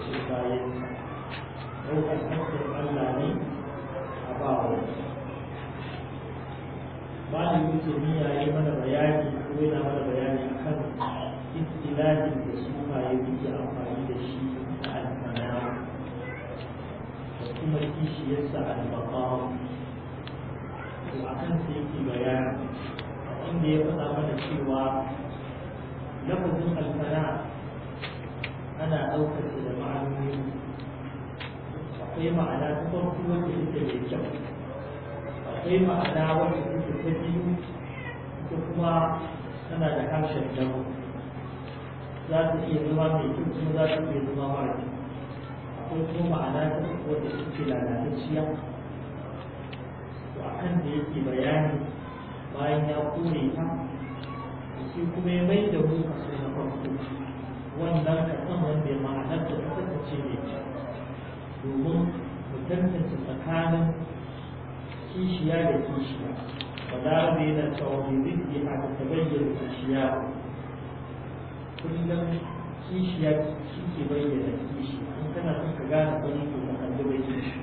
ce bayan ɗaukar haƙƙin Allah ne a ba wa malamin kimiyya ya yi mana bayani ko yana mana bayani a akan istilahin da su baye suke amfani da shi a almana da kuma kishiyarsa almaqam to akan sai yake bayani inda ya faɗa mana cewa lafazin almana ana ɗaukar su da ma'anoni akwai ma'ana ta farko wanda suke mai kyau akwai ma'ana wanda suke ta biyu ko kuma tana da harshen dawo za ta iya zama mai kyau kuma za ta iya zama mara kyau akwai kuma ma'ana ta farko wanda suke lalatacciya to akan da yake bayani bayan ya kore ta sai kuma ya mai da mu a na farko wannan kasan wanda ma'anar da ta ce ce domin mu tantance tsakanin kishiya da kishiya Ba za فلا بين توحيده حتى تبين الاشياء kullum kishiya shi ke bayyana kishiya. in kana son ka gane wani ke da kalli bai kishi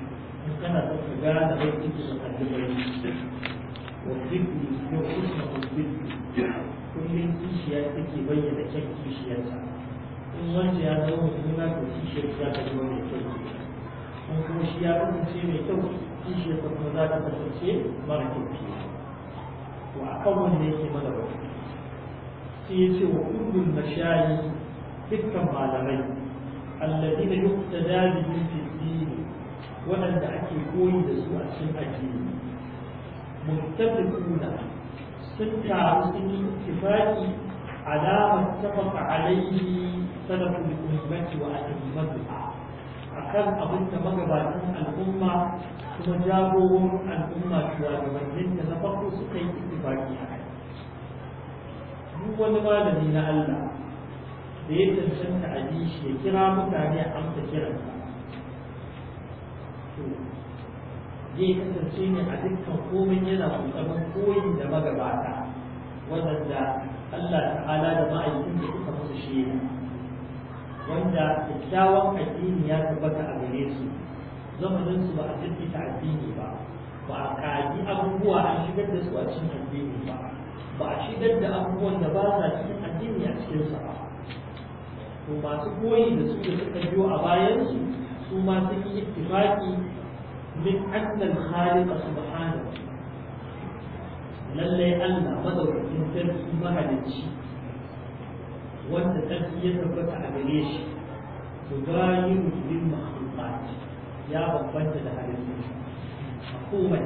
in kana son ka gane wani ke da kalli bai kishi wa zikri ko kusa ko zikri kullum kishiya take bayyana kyan kishiyarsa in wanda ya zama mutum na to shi shi za zama mai kyau in kuma shi ya kasance mai kyau shi shi ya kuma za ka kasance mara kyau to a kan wanda yake mana ba sai ya ce wa kullum mashayi dukkan malamai alladina yuqtada bihim fi din waɗanda ake koyi da su a cikin ajiye. muttafiquna sun taru sun yi ittifaqi على ما اتفق عليه salafu bi ummati wa akan abin magabatan al'umma kuma jagoron al'umma shugabannin da na farko suka yi ittifaqi a kai duk wani malami na Allah da ya cancanta a ji shi ya kira mutane a amsa kiransa zai kasance ne a dukkan komai yana kokarin koyin da magabata wadanda Allah ta'ala da ma'aikin da suka musu shi ne wanda kyakkyawan addini ya tabbata a gare su zamanin su ba a jirgita addini ba ba a kaji abubuwa a shigar da su a cikin addini ba ba a shigar da abubuwan da ba sa cikin addini a cikin sa ba to masu koyi da su da suka biyo a bayan su su ma sun yi ittifaqi min annal khaliq subhanahu lallai Allah madaukakin sarki mahalicci wanda tsarki ya tabbata a gare shi to gani musulun makhluqat ya bambanta da halittu a komai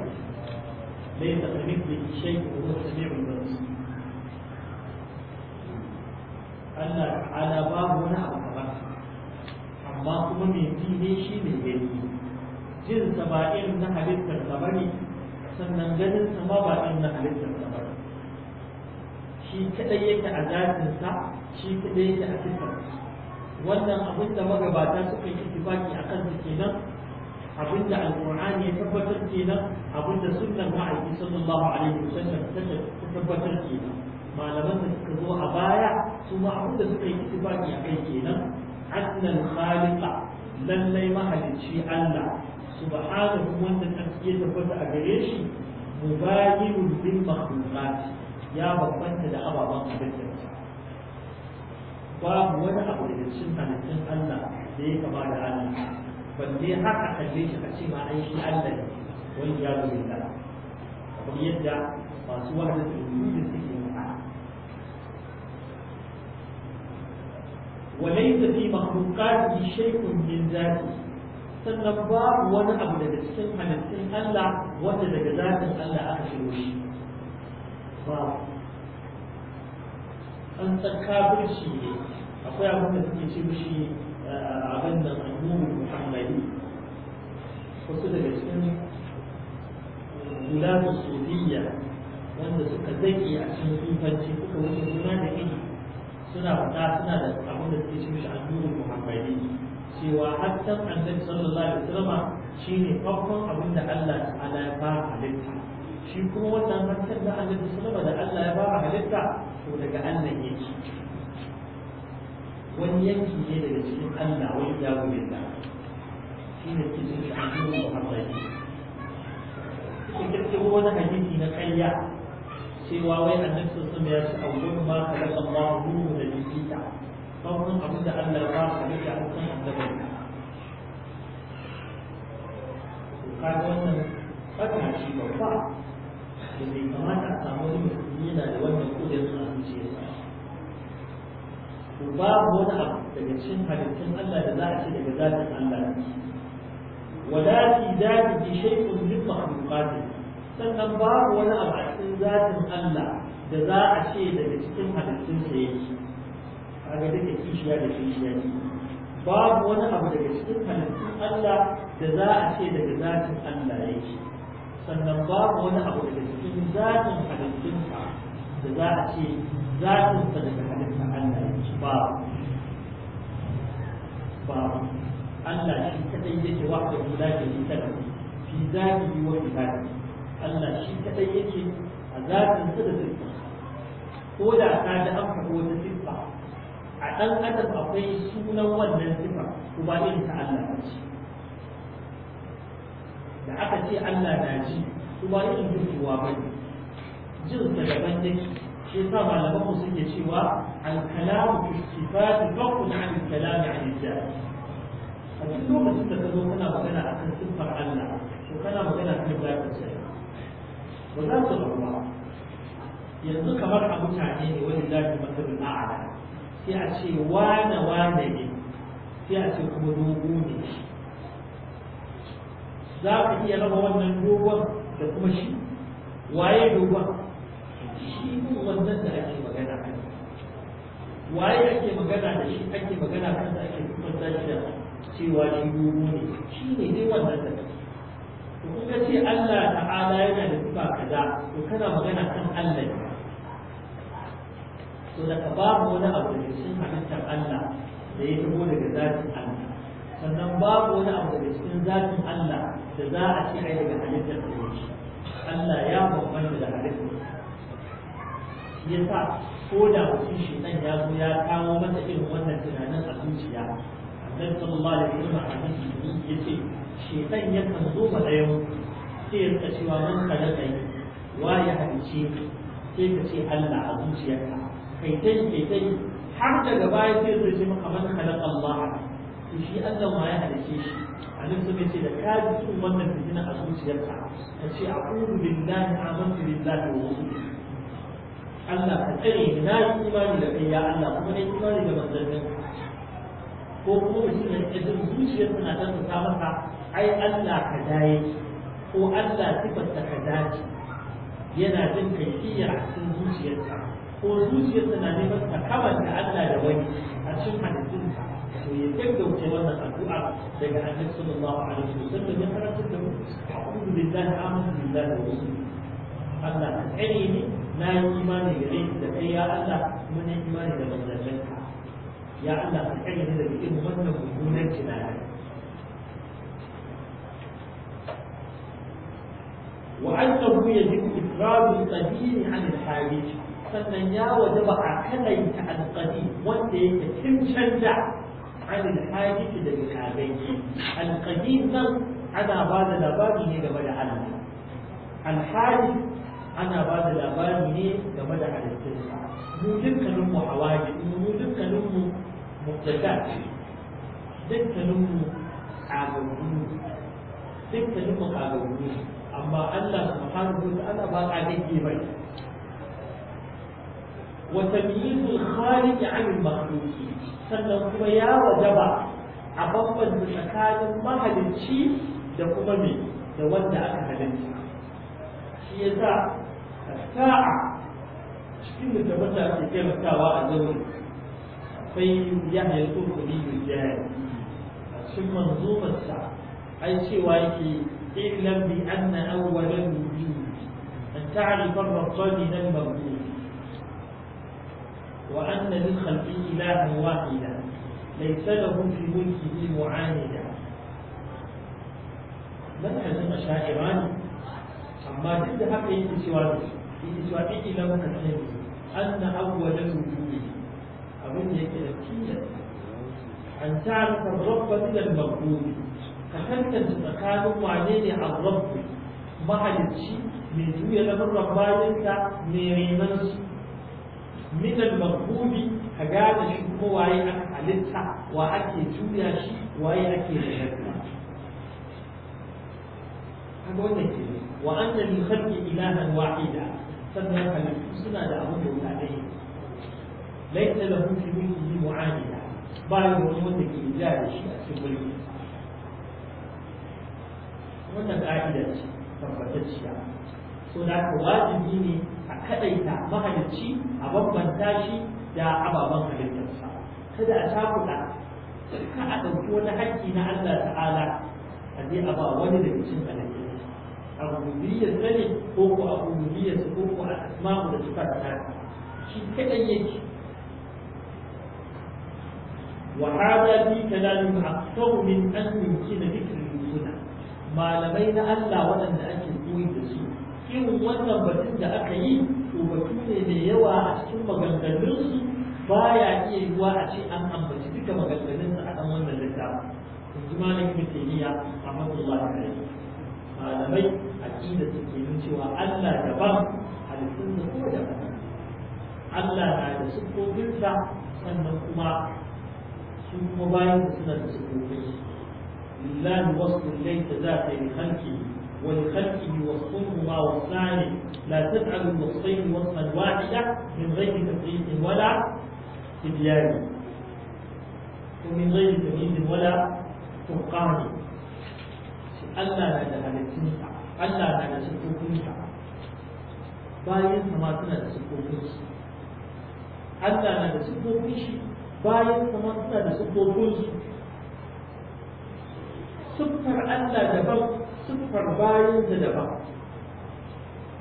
laysa kamithlihi shay'un wa huwa samii'ul basir Allah ta'ala babu wani abu kamar amma kuma mai fiye shi ne gani jin sa ba irin na halittar sa bane sannan ganin sa ma ba irin na halittar sa bane shi kadai yake a zatinsa shi kadai yake a wannan abin da magabata suka yi ittifaki a kenan abin da alqur'ani ya tabbatar kenan abin da sunnar ma'aiki sallallahu alaihi wasallam ta tabbatar kenan malaman da suka zo a baya su ma abin da suka yi ittifaki a kai kenan annal khaliqa lallai mahalicci Allah subhanahu wanda ta tabbata a gare shi mubayinun bil makhluqat ya bambanta da ababen halittar babu wani abu da cin halittun Allah da ya kama da Ban balle haka kalle shi a ce ma an shi Allah ne wani ya zo da kamar yadda masu wahalar da wujudin suke mata walaysa fi makhluqati shay'un min dhati sannan babu wani abu daga cikin halittun Allah wanda daga zatin Allah aka shiro shi ba an tsakka kafirci ne akwai abin da suke ce mishi eh, abin da annabi muhammadi wasu daga cikin eh, gulamu sufiya wanda suka zaki a cikin sufanci kuka wuce suna da ini suna fata suna da abin da suke ce mishi annabi muhammadi cewa hatta annabi sallallahu alaihi wasallam shine farkon abin da Allah ta'ala ya fara halitta shi kuma wannan hankar da yi sulama da Allah ya ba halitta to daga Allah ci. wani yanki ne daga cikin Allah wani ya gobe da shi ne ke cikin annabi Muhammad cikin cikin wani hadisi na ƙarya cewa wai annabi wasallam ya ce awwalu ma khalaqa Allahu ruhu da jikita farkon abin da Allah ya a halitta a cikin annabi ka ga wannan tsakaci babba da bai kamata a samu wani musulmi yana da wannan kudurin a zuciyarsa Ba babu wani abu daga cikin halittun Allah da za a ce daga zatin Allah wala fi zatihi shay'un min makhluqatihi sannan babu wani abu a cikin zatin Allah da za a ce daga cikin halittunsa yake kaga duka kishiya da kishiya ne babu wani abu daga cikin halittun Allah da za a ce daga zatin Allah yake sannan babu wani abu daga cikin zatin halittunsa da za a ce sa daga halittar Allah ya ci ba ba Allah shi kadai yake wahda guda da ita da fi yi wa ibadi Allah shi kadai yake a zatin sa da sirri ko da ta da an faɗo wata siffa a ɗan adam akwai sunan wannan siffa kuma irin ta Allah ce da aka ce Allah na ji su ba irin jikewa ba ne jin sa daban yake shi yasa malaman mu suke cewa al-kalamu fi sifati farqun an al-kalami an a duk lokacin da ka zo kana magana akan siffar Allah to kana magana kan zaɓin sa ba za su rabuwa yanzu kamar a mutane ne wani zaɓin matsalin a'ala sai a ce wane wane ne sai a ce kuma dogo ne za ka iya raba wannan dogon da kuma shi waye dogon shi ne wannan da ake magana a waye ake magana da shi ake magana kan da ake kuma shi da cewa shi dogo ne shi ne dai wannan da ake to kun ga ce Allah ta'ala yana da sifa kaza to kana magana kan Allah ne to da babu wani abu da cikin halittar Allah da ya tabo daga zatin Allah sannan babu wani abu da cikin zatin Allah da za a ci ai daga halittar da yake Allah ya bambanta da halittar Ya sa, ko da mutum shi nan ya zo ya kawo masa irin wannan tunanin a zuciya annabi sallallahu alaihi wasallam a hadisi yace ya yakan zo ba da yau sai ya rika cewa man kalaka ni wa ya halice sai ka ce Allah a zuciyarka kai tai kai tai har daga baya sai ya ce maka man kalaka Allah to shi Allah ma ya halice shi annabi sun ce da ka ji jin wannan fitina a zuciyarka ka ce a'udhu billahi amantu billahi wa rasulihi Allah ka tsare ni na yi imani da kai ya Allah kuma na ne imani da manzannin ko kuma mutum ya jin zuciyar tana ta ta maka ai Allah ka daye ko Allah sifar ta ka dace yana jin kaifiyar a cikin zuciyarsa ko zuciyarsa na neman ta da Allah da wani a cikin halittun يتجدوا جوازة الدعاء لجاء النبي صلى الله عليه وسلم من ثلاثة أقول بالله أمر بالله ورسوله الله حليم لا يؤمن عندك يا الله من إيمان لمن لك يا الله الحليم الذي يؤمن بدون جناح وأنه يجب إفراد القديم عن الحاجة فمن يا وجب عقلي عن القديم وانت تمشي عن الحادث daga kaganci nan ana ba da labari ne game da ana ba da labari ne game da mu dukkanin mu hawaji mu dukkanin mu dukkanin mu dukkanin mu amma Allah subhanahu wa ta'ala ba وتمييز الخالق عن المخلوق sannan kuma ya wajaba a bambanta tsakanin mahalicci da kuma me da wanda aka halitta shi ya sa sa'a cikin littafin da ake taimakawa a zaune akwai yahya tukuri yujari a cikin manzumarsa ai cewa yake ilan bi anna awwalan wujud an ta'rifa ar-rabbani al-mawjud وأن للخلق إلها واحدا ليس له في ملكه معاندا منهج الأشاعرة أما جد حق الإسواد الإسواد إلى منهج أن أول الوجود أظن يكفي أن تعرف الرب من الموجود فكنت تتكالم عليه الرب مع الشيء mai juya na murran bayansa mai renansu Minan al-maqbubi ka gane shi kuma waye aka halitta wa ake juya shi waye ake shakka kaga wannan ke wa anna li khalqi ilahan wahida sannan halittu suna da abin da guda ɗaya laisa lahu fi mulkihi mu'anida ba ya wani wanda ke ja shi a cikin mulki wannan ka'ida ce tabbatacciya so da haka wajibi ne a kadai da mahalicci a bambanta shi da ababen halittarsa kada a takuta ka a ɗauki wani haƙƙi na Allah ta'ala a je a ba wani da cikin halittarsa a rububiyyar sani ko ko a rububiyyar su ko ko a asma'u da suka ta shi kaɗai yake bi kalamin كلام min من kina يمكن ذكر Malamai na Allah waɗanda ake koyi da su. irin wannan batun da aka yi to batu ne mai yawa a cikin maganganunsu baya iya yiwuwa a ce an ambaci duka maganganunsu a kan wannan littafi in ji malam a taymiya rahmatullahi alaihi malamai aqida su ke nun cewa Allah daban halittun da kuma daban Allah na da siffofinsa sannan kuma su kuma bayan suna da siffofinsu lillahi wasu laita za ta yi halki ولخلقه وصفهما وصفان لا تجعل الوصفين وصفا واحدا من غير تفريق ولا تبيان ومن غير تمييز ولا فرقان Allah na da halittunsa Allah na da siffofinsa bayan sama suna da siffofinsu Allah na da siffofin shi bayan sama suna da siffofinsu siffar Allah daban siffar da daban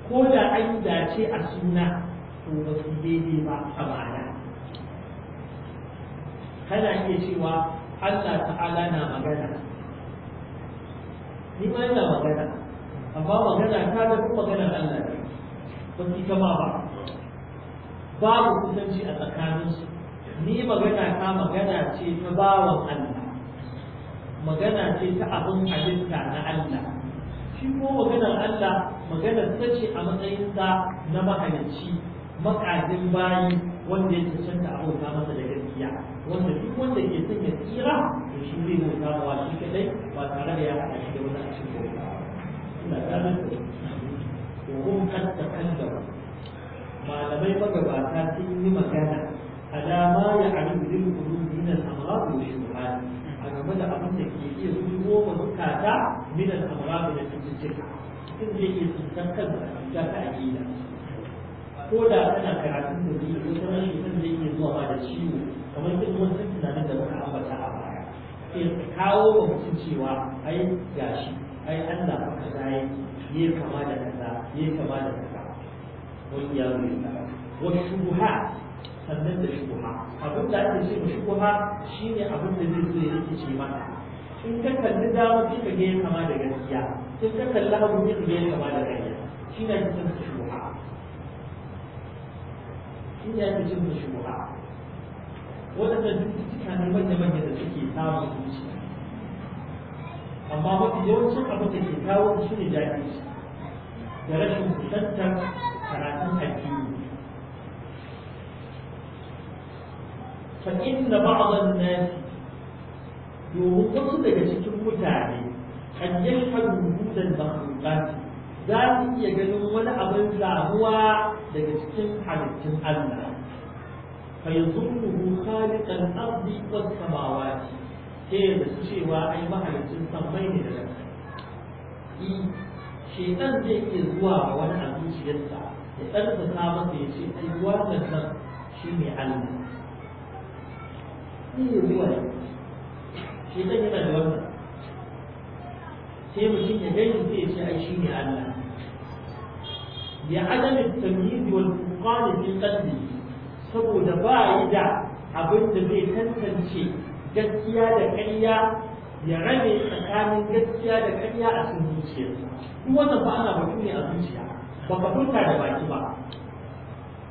ko da an yi dace a suna to ba su daidai ba a ma'ana kana iya cewa Allah ta'ala na magana ni ma yana magana amma magana ta da kuma magana Allah ne ba su kama ba babu kusanci a tsakaninsu ni magana ta magana ce ta bawan Allah magana ce ta abin halitta na Allah shi ko maganar Allah maganar ta ce a matsayin sa na mahalicci makadin bayi wanda ya cancanta abota masa da gaskiya wanda duk wanda ke son ya tsira da shi zai bauta wa shi kadai ba tare da ya haɗa shi da wani a cikin ba. ina ganin ko hum kan gaba. malamai magabata sun yi magana alama ya alimu lil qulubi min al-amrad wa game da abin da ke iya zuwo wa zukata min da amrad da cikin mutum zai iya cutar kansa da cuta ta aqida ko da tana karatun da zai ko tana shi sun zai iya zuwa ba da ciwo kamar duk wani tunanin da wani ambata a baya ke kawo wa mutum cewa ai gashi ai Allah ka kaza yi kama da kaza yi kama da kaza wani ya ne wasu shubuha sannan da shubuha abin da ake ce shubuha shine abin da zai zo ya ce maka in ka kalli dama sai ka ga ya kama da gaskiya in ka kalli abu sai ka ga ya kama da gaskiya shine ake ce shubuha shine ake ce shubuha waɗannan cututtuka ne manya-manya da suke samun zuciya amma mafi yawancin abin da ke kawo shi ne jahilci da rashin kusantar karatun addini fa inna ba'dhan nas domin wasu daga cikin mutane kan yashhadu wujudan makhluqat za su iya ganin wani abin zahuwa daga cikin halittun Allah fa yadhunnu khaliqan ardi was samawati sai da su cewa ai mahaliccin sammai ne da ƙasa shekan zai iya zuwa a wani abin zuciyarsa ya ɗarsa masa ya ce ai wannan nan shi ne Allah sai ya zuwa da wannan sai ya ya shi ne Allah ya adam tamyiz wal furqan saboda ba yi da abin da zai tantance gaskiya da ya rame tsakanin gaskiya da ƙarya a cikin zuciya duk ne a zuciya ba da baki ba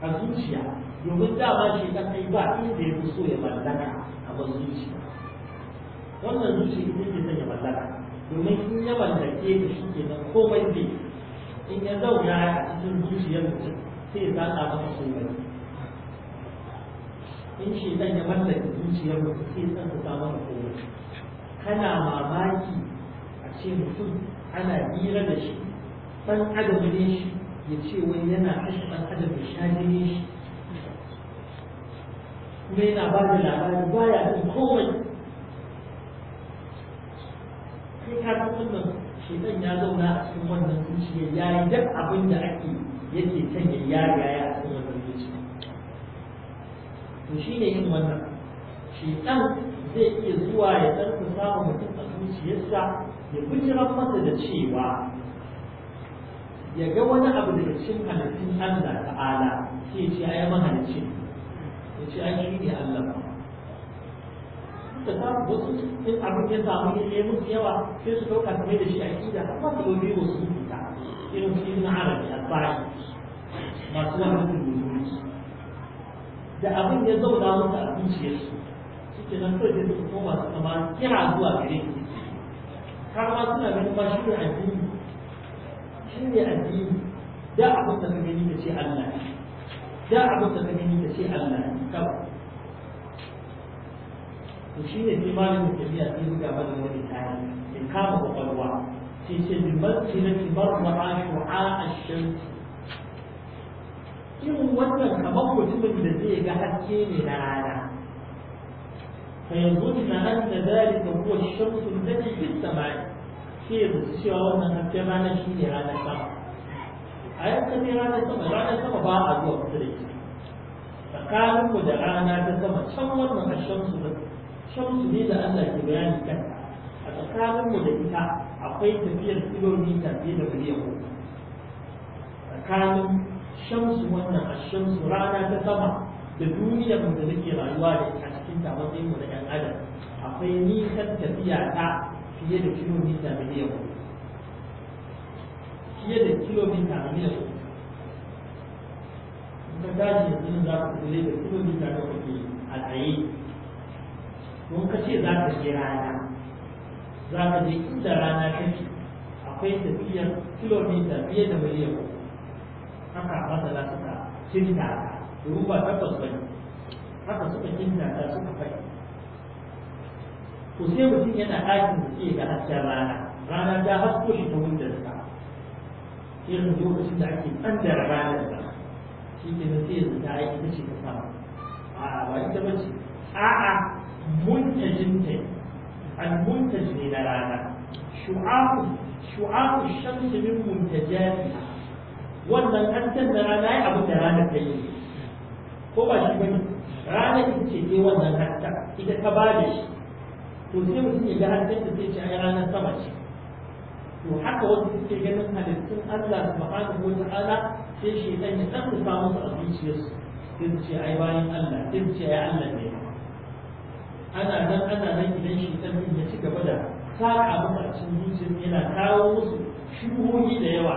a zuciya domin dama shi kan ba inda ya fi so ya mallaka kamar zuciya wannan zuciya ita ke sanya mallaka domin in ya mallake ta shi ke nan komai zai in ya zauna a cikin zuciyar mutum sai ya zaɓa masa komai in shi zan ya mallake zuciyar mutum sai ya san ta masa komai kana mamaki a ce mutum ana hira da shi ɗan adam ne shi ya ce wani yana kashe ɗan adam ya ne shi kuma yana ba da labari baya ya jin komai sai ka san wannan shekan ya zauna a cikin wannan zuciya ya yi duk abin da ake yake can ya yaya ya a cikin wannan zuciya to shi ne yin wannan shekan zai iya zuwa ya ɗarfi samun mutum a zuciyarsa ya bijiran masa da cewa ya ga wani abu daga cikin halittun Allah ta'ala sai ce yi mahalicci ya ce an shi ne Allah da samu wasu sai abin ya samu ne musu yawa sai su ɗauka kamar da shi a kida amma su gobe wasu su fita irin su ibn arabi al-bayi masu wannan rubutu da abin ya zauna musu a zuciyarsu shi ke nan kawai da suka koma su kama kira zuwa gare su har ma suna ganin ba shi ne addini shi ne addini da abin da ka gani ka ce Allah ne da abin da ka gani ka ce Allah ne kawai to shi ne sai malamin tafiya sai buga mana wani tare in kama kwakwalwa sai ce bi masjidati marra shu'a ash-shams irin wannan kamar mutumin da zai ga haske ne na rana فيظن أن ذلك هو الشمس التي في السماء في السيارة من الجمال شيء على الشمس a yanzu ne ranar sama ranar sama ba a zuwa kusa da ita tsakanin mu da rana ta sama can wannan a shamsu da shamsu ne da Allah ke bayani kanta a tsakanin mu da ita akwai tafiyar kilomita fiye da miliyan uku tsakanin shamsu wannan a shamsu rana ta sama da duniyar da muke rayuwa da ita cikin ta matsayin mu da 'yan adam akwai nisan tafiya ta fiye da kilomita miliyan uku fiye da kilomita ta ka da sun za ka kule da kilomita da kuke a tsaye don ka ce za ka je rana za ka je inda rana ke akwai tafiyar kilomita fiye da miliyan haka masana suka cinta domin ba tabbas ba ne haka suka cinta ta suka fai to sai mutum yana ɗakin da ke ga hasken rana rana ta hasko shi ta wundar irin lokacin da ake kaddara ranar da shi ta aiki ta a a'a ta na rana wannan rana ya abin da rana ta yi ko rana ita ce wannan ta shi sai ta ce ranar to haka wasu suke ganin halittun Allah subhanahu wa ta'ala sai shi dan ya san rufa musu a zuciyarsu sai su ce ai bayan Allah sai ce ai Allah ne ana nan ana nan idan shi dan ya ci gaba da saka musu a cikin zuciyar yana kawo musu shuhohi da yawa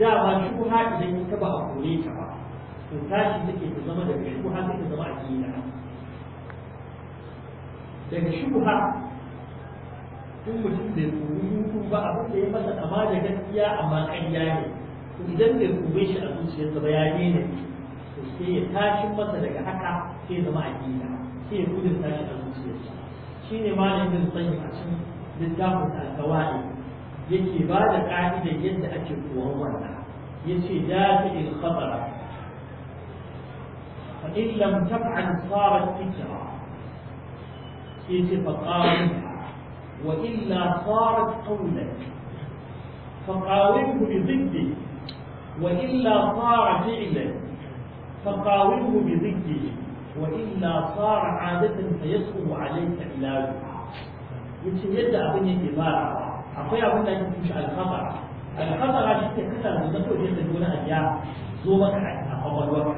dama shuha idan ya ba a kore ta ba to tashi take ta zama daga shuha take zama aqida daga shuha in mutum bai koyi hutu ba abin da ya masa kama da gaskiya amma ƙarya ne to idan bai koyi shi a zuciyarsa ba ya ne to sai ya tashi masa daga haka sai zama aqida sai ya gudun tashi a zuciyarsa shine malamin bin sanyi a cikin littafin al-kawai yake ba da ka'idar yadda ake koyon wannan yace dafi'il khatara fa in lam taf'al sarat fitra yace fa qarinha وإلا صارت قولك فقاومه بضده وإلا صار فعلا فقاومه بضده وإلا صار عادة فيصعب عليك علاجها يتجدى بني الإبارة أخويا أقول لك مش الخطر الخطر شتى كثر من نفسه يتدون أن يزومك أقوى الوقت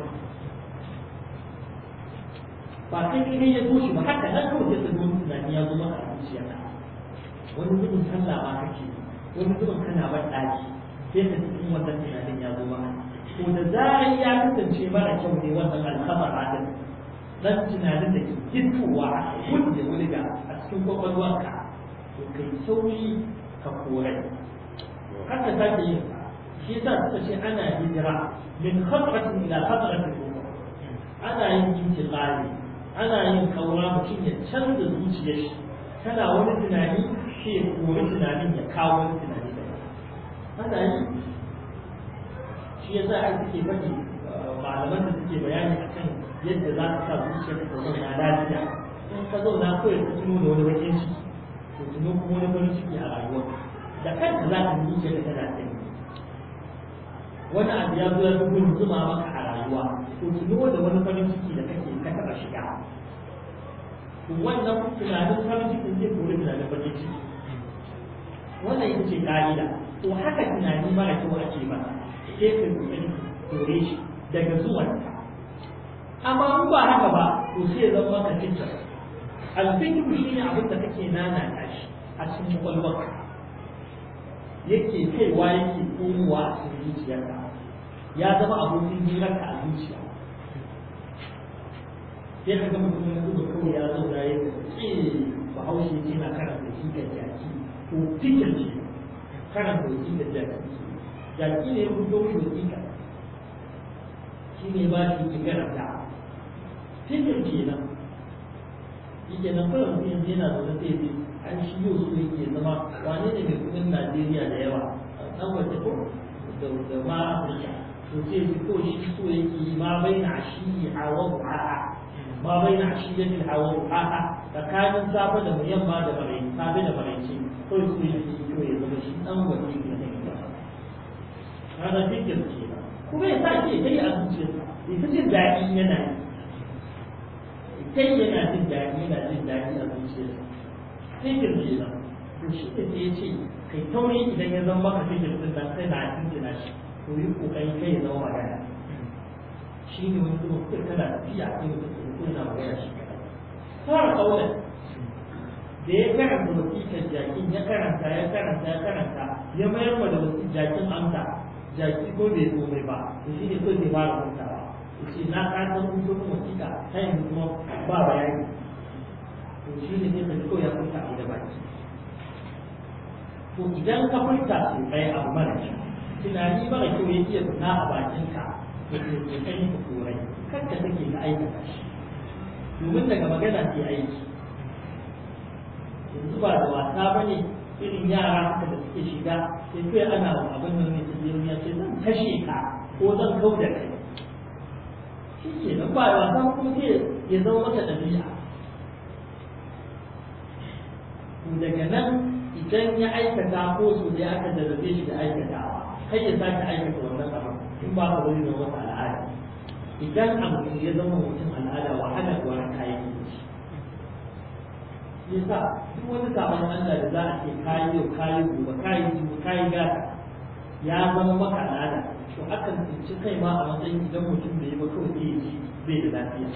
wani gudun sallah ma kake wani gudun kana ban ɗaki sai ka cikin wannan tunanin ya zo maka ko da zarar ya kasance mara kyau ne wannan alkhabar adam dan tunanin da ke fitowa wanda wulga a cikin kwakwalwarka to kai sauri ka korai haka ta ke yin shi yasa suka ce ana hijira min khatratin ila khatratin ana yin intiqali ana yin kaura mutum ya canza zuciyar shi tana wani tunani sai ya tunanin ya kawo wani tunani da haka yi shi ya sa ake suke faɗi uh, malaman da suke bayani a kan yadda za ka sa zuciyar ka zaune na lafiya in ka zauna kawai ka tuno da wani wajen ciki Ko tuno kuma wani wani ciki a rayuwa da kanta za ka zuciyar ka tana tsaye wani abu ya zo ya fi gudun zuma maka a rayuwa Ko tuno da wani wani ciki da kake ka taɓa shiga wannan tunanin farin cikin zai kori tunanin bakin ciki wannan ita ce ka'ida to haka tunani mara kyau ce ba ke ka kokari dore shi daga zuwan amma in ba haka ba to sai ya zama ka tinta shi ne abin da kake nana shi a cikin kwalwar yake kaiwa yake komowa a cikin zuciyarka ya zama abokin hirarka a zuciya sai ka gama kuma kuma kawai ya zo da ya ce bahaushe na karanta shi kan wasiƙa ce karanta wasiƙa jaki jaki ne ya fito mai wasiƙa shi ne ba shi ke karanta fikir ke na, shi na nan kawai mutum yana zaune an shi yau su yake zama wane ne mai najeriya da yawa ɗan waje ko da ma fita. to sai ko shi so yake ma bai na shi hawa bu'a'a ma bai na shi yake hawa Da tsakanin safe da yamma da marai safe da marai ce kawai kuma ya ya zama shi ne na kuma a ya ta jin daɗi yi jin daɗi yana jin daɗi a ya ce kai idan ya zama maka jikin ɗin nan kai yi ya zama a da ya karanta wasiƙar jakin ya karanta ya karanta ya karanta ya mayar da wasiƙar jakin amsa jaki ko bai komai ba da shi ne ba da fara ba da shi na ƙasar hutu kuma wasiƙa ta yi kuma ba bayani to shi ne sai ka ya huta a da baki to idan ka furta su kai abu mara kyau tunani ba kyau ya iya fita a bakinka da ke kai ka korai kanka take ka aikata shi domin daga magana ke aiki yanzu ba da wasa ba ne irin yara haka da suke shiga sai kai ana abin nan mai tabbiyon ya ce zan kashe ka ko zan kau da kai shi ke nan ba da wasa kuma sai ya zama mata ɗabi'a daga nan idan ya aikata ko su da aka jarrabe shi da aikatawa kai ya sake aikata wannan abin in ba ka wani da wata al'ada idan abu ya zama mutum al'ada wahala ko wani kayan yasa duk wani sabon Allah da za a ce kayi yau kayi gobe kayi gobe kayi gata ya zama maka al'ada to akan tsinci kai ma a matsayin idan mutum da ya ba kawai zai ji bai da lafiya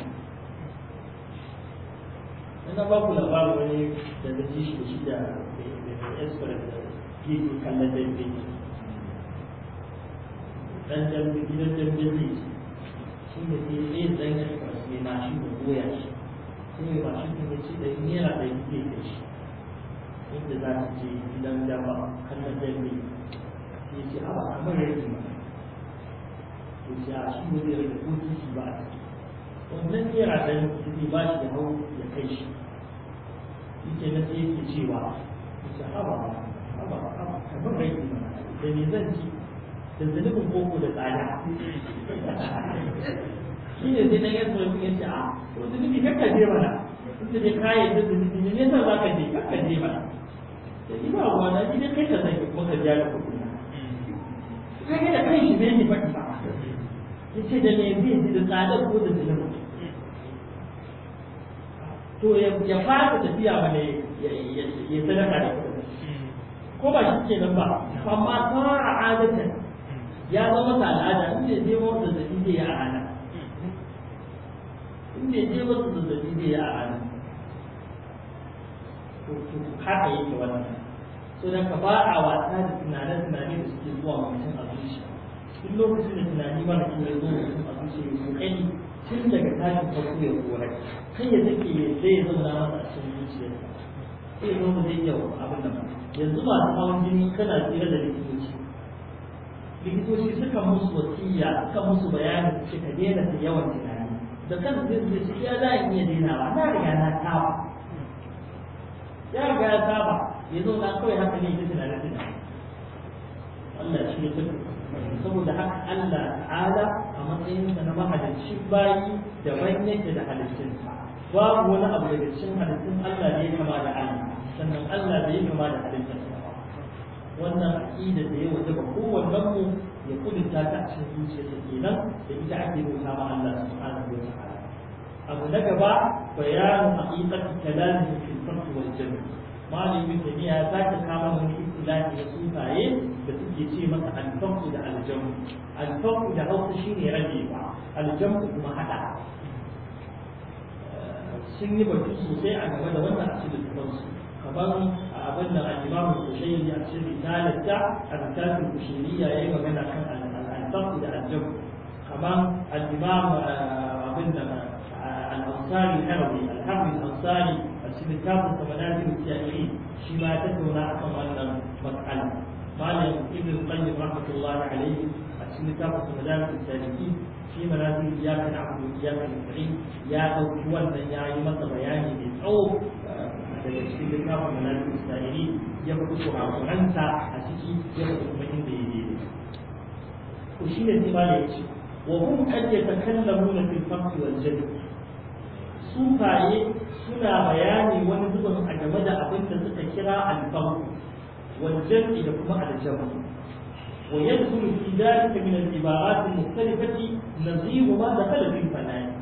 ina ba ku labarin wani da na ji shi da shi da esperance da gidi kallon dambe dan dambe gidan dambe ne shi ne sai zai zanga shi masu ne na shi da goya shi sai ba shi ne ce da naira da yake da shi inda za ka je gidan dama kallon dambe sai ce a ba kamar yake ba to sai a shi ne zai rage ko ba a wannan naira da yake ba shi da hau ya kai shi yake na sai yake cewa ita haba haba haba kamar yake ba da me zan ci da zanubin koko da tsada shi ah, ne sai ya a to kakka je mana da ne da ne za ka je kakka je mana da ba na ne kuma da shi ne ne ba ya ce da ne zai ji da tsadar ko da to ya fara tafiya ne ya sadaka da ko ba shi ke nan ba amma tsara ya zama ta al'ada inda zai mawar da zai a inda ya je musu zazzabi zai yi a ranar haka yake wannan so da ka ba a wasa da tunanen tunani da suke zuwa ma mutum a zuciya duk lokacin da tunani mara kyau ya zo mutum a zuciya mai kokari tun daga tashin farko ya korai kan ya take ya zama zauna masa a cikin zuciya sai ya zama zai yau abin da yanzu ba masu hawan jini kana tsira da likitoci likitoci suka musu wasiya suka musu bayanin suka daina da yawan jini da kan zai shi ya za a iya daina ba na riga na saba ya riga ya saba ya zo na kawai haka ne ya da tunane Allah shi ya tafi saboda haka Allah ta'ala a matsayinsa na mahalicci bayi da yake da halittinsa babu wani abu daga cikin halittun Allah da ya kama da Allah sannan Allah da ya kama da halittinsa wannan aƙida da ya wajaba kowannen mu kudinta ta a cikin zuciya ta kenan da ita ake bauta ma Allah subhanahu wa ta'ala abu na gaba bayanin haqiqatu kalamihi fil farq wal jami malami bin ya sake kama wani istilahi da sunaye da suke ce masa al-farq da al-jami al-farq da hausa shine ba al-jami kuma hada eh, sun yi batu sosai a game da wannan a cikin kansu kamar أبنى الإمام الكشيري أشير رسالة الرسالة الكشيرية من أن عن الجبر كما الإمام آه، أبنى آه، الأنصاري الحربي الحربي الأنصاري أشير كتاب منازل التابعين شما تتونا أكمل مسألة قال ابن القيم رحمة الله عليه أشير كتاب منازل التابعين في منازل إياك نعبد وإياك نستعين يا أو كوانا يا أيمة بياني بالعوف daga cikin littafin malamin isra'ili ya fi kurakuransa a ciki ya fi kuma inda ya daidai to shi ne zai bada ya ce wa hum qad yatakallamuna fil fath wal Su sufaye suna bayani wani zubin a game da abin da suka kira al-fath wal da kuma al-jabr ويدخل في ذلك من العبارات المختلفة نظير ما دخل في الفنادق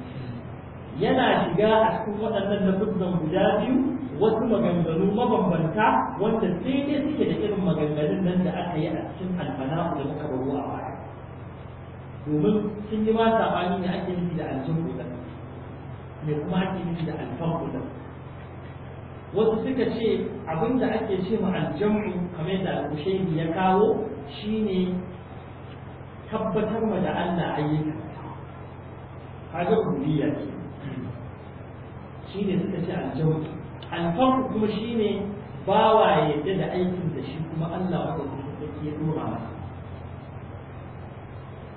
yana shiga a cikin waɗannan lafuzan guda biyu wasu maganganu mabambanta wanda sai dai suke da irin maganganun nan da aka yi a cikin alfana'u da muka baro a baya domin sun yi ma saɓani ne ake nufi da aljin kudan ne kuma ake nufi da alfan kudan wasu suka ce abin da ake ce ma aljamu kamar yadda al-kushaini ya kawo shine tabbatar ma da Allah ayyuka kaga rububiyya ce shi ne suka ce alfarku kuma shi ne bawa yadda da aikin da shi kuma Allah wa ɗauki ya dora masa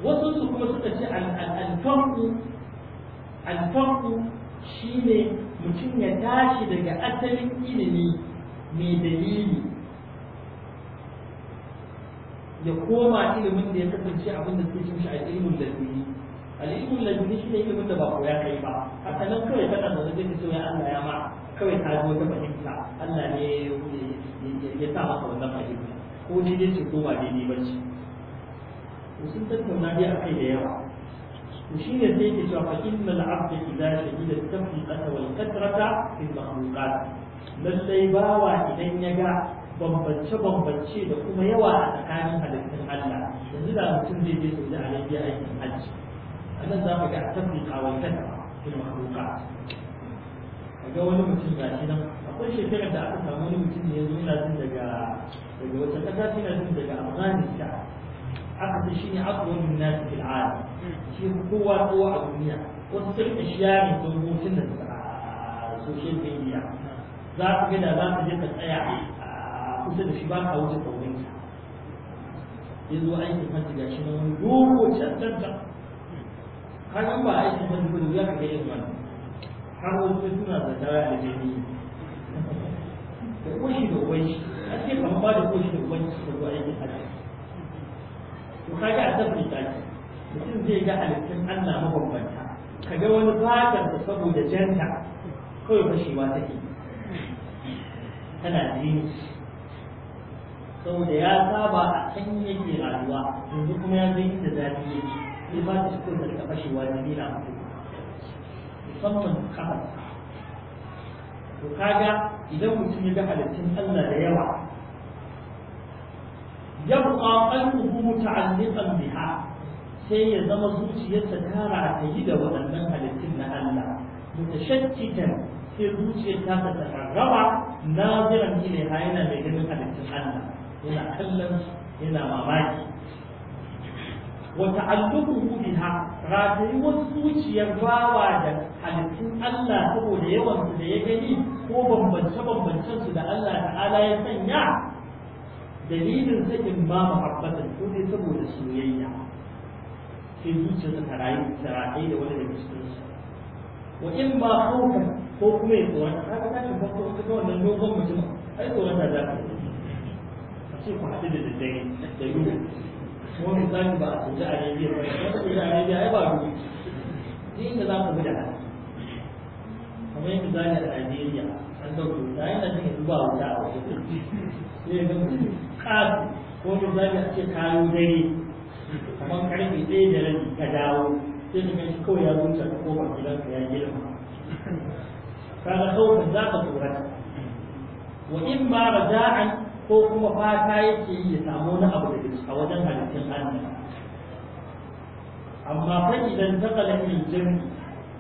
wasu su kuma suka ce alfarku alfarku shi ne mutum ya tashi daga asalin ilimi mai dalili ya koma ilimin da ya kasance abin da suke cin shi a ilimin dalili al'ilmin lalbi shi ne ilimin da ba ya kai ba haka nan kawai kana da zai ya Allah ya ma kawai ta zo ta fahimta Allah ne ya sa maka wannan fahimta ko daidai ce ko ba ni ba ce sun tattauna dai akai da yawa وشين ذلك فإن العبد إذا شهد التفرقة والكثرة في المخلوقات bawa idan ya ga bambance bambance da kuma yawa a tsakanin halittun Allah yanzu da mutum zai je su da alayya aikin hajji anan za mu ga asabbi kawaitan fil makhluqat ga wani mutum ga shi nan akwai shekarar da aka samu wani mutum ne ya yanzu yana jin daga daga wata kasa na jin daga afghanistan aka ce shi shine aqwamun nas fil alam shi kowa kowa a duniya wasu sun ka shiya ne don hutun da suka social media za ka ga da za ka je ka tsaya a kusa da shi ba ka wuce kaurinka ya zo aikin hajji ga shi na wani dogo can can kanan ba a aiki ba duk ya ka yin wannan har wasu suna da dara da jini da koshi da wanci a ce kan ba da koshi da wanci da zuwa aikin hajji to kaga a tafi tabbata taki mutum zai ga halittun Allah mabambanta ga wani fatar da saboda janta kawai fashewa take tana jini saboda ya saba a can yake rayuwa yanzu kuma ya zai da zafi yake sai ba ta sukun da ta fashewa ya nera mata musamman kafar to kaga idan mutum ya ga halittun Allah da yawa yabqa qalbuhu muta'alliqan biha sai ya zama zuciyarsa ta yi da waɗannan halittun na Allah mutashakkitan sai zuciyar ta ta takarraba naziran ilaiha yana mai ganin halittun Allah yana kallon yana mamaki wata allukuhu biha ratayuwar zuciyar bawa da halittun Allah saboda yawan su da ya gani ko bambance bambancen su da Allah ta'ala ya sanya dalilin sakin ba mahabbatan ko dai saboda soyayya sai zuciyar ta rayu ta ratayi da wani daga cikin su wa in ba hauka ko kuma ya tsoron ta ga tashin farko ta wannan dogon mutum ai tsoron ta za a ce ku haɗu da daddare da yunwa kuma misali ba a sauji arabiya ba ya sauji arabiya ya ba ruwa ne inda za mu guda kamar yadda za a najeriya an dauko ta yana da yanzu ba wuta a wajen sai ga mutum kasu ko misali a ce kayo dare kamar karfe ɗaya da rabi ka dawo sai ka gani kawai ya zuciya ta kofar gidanka ya girma kaga kawai za ka tsorata wa in ma raja'an ko kuma fata yake yi ya samu wani abu da a wajen halittun Allah amma fa idan ta kalamin jirgi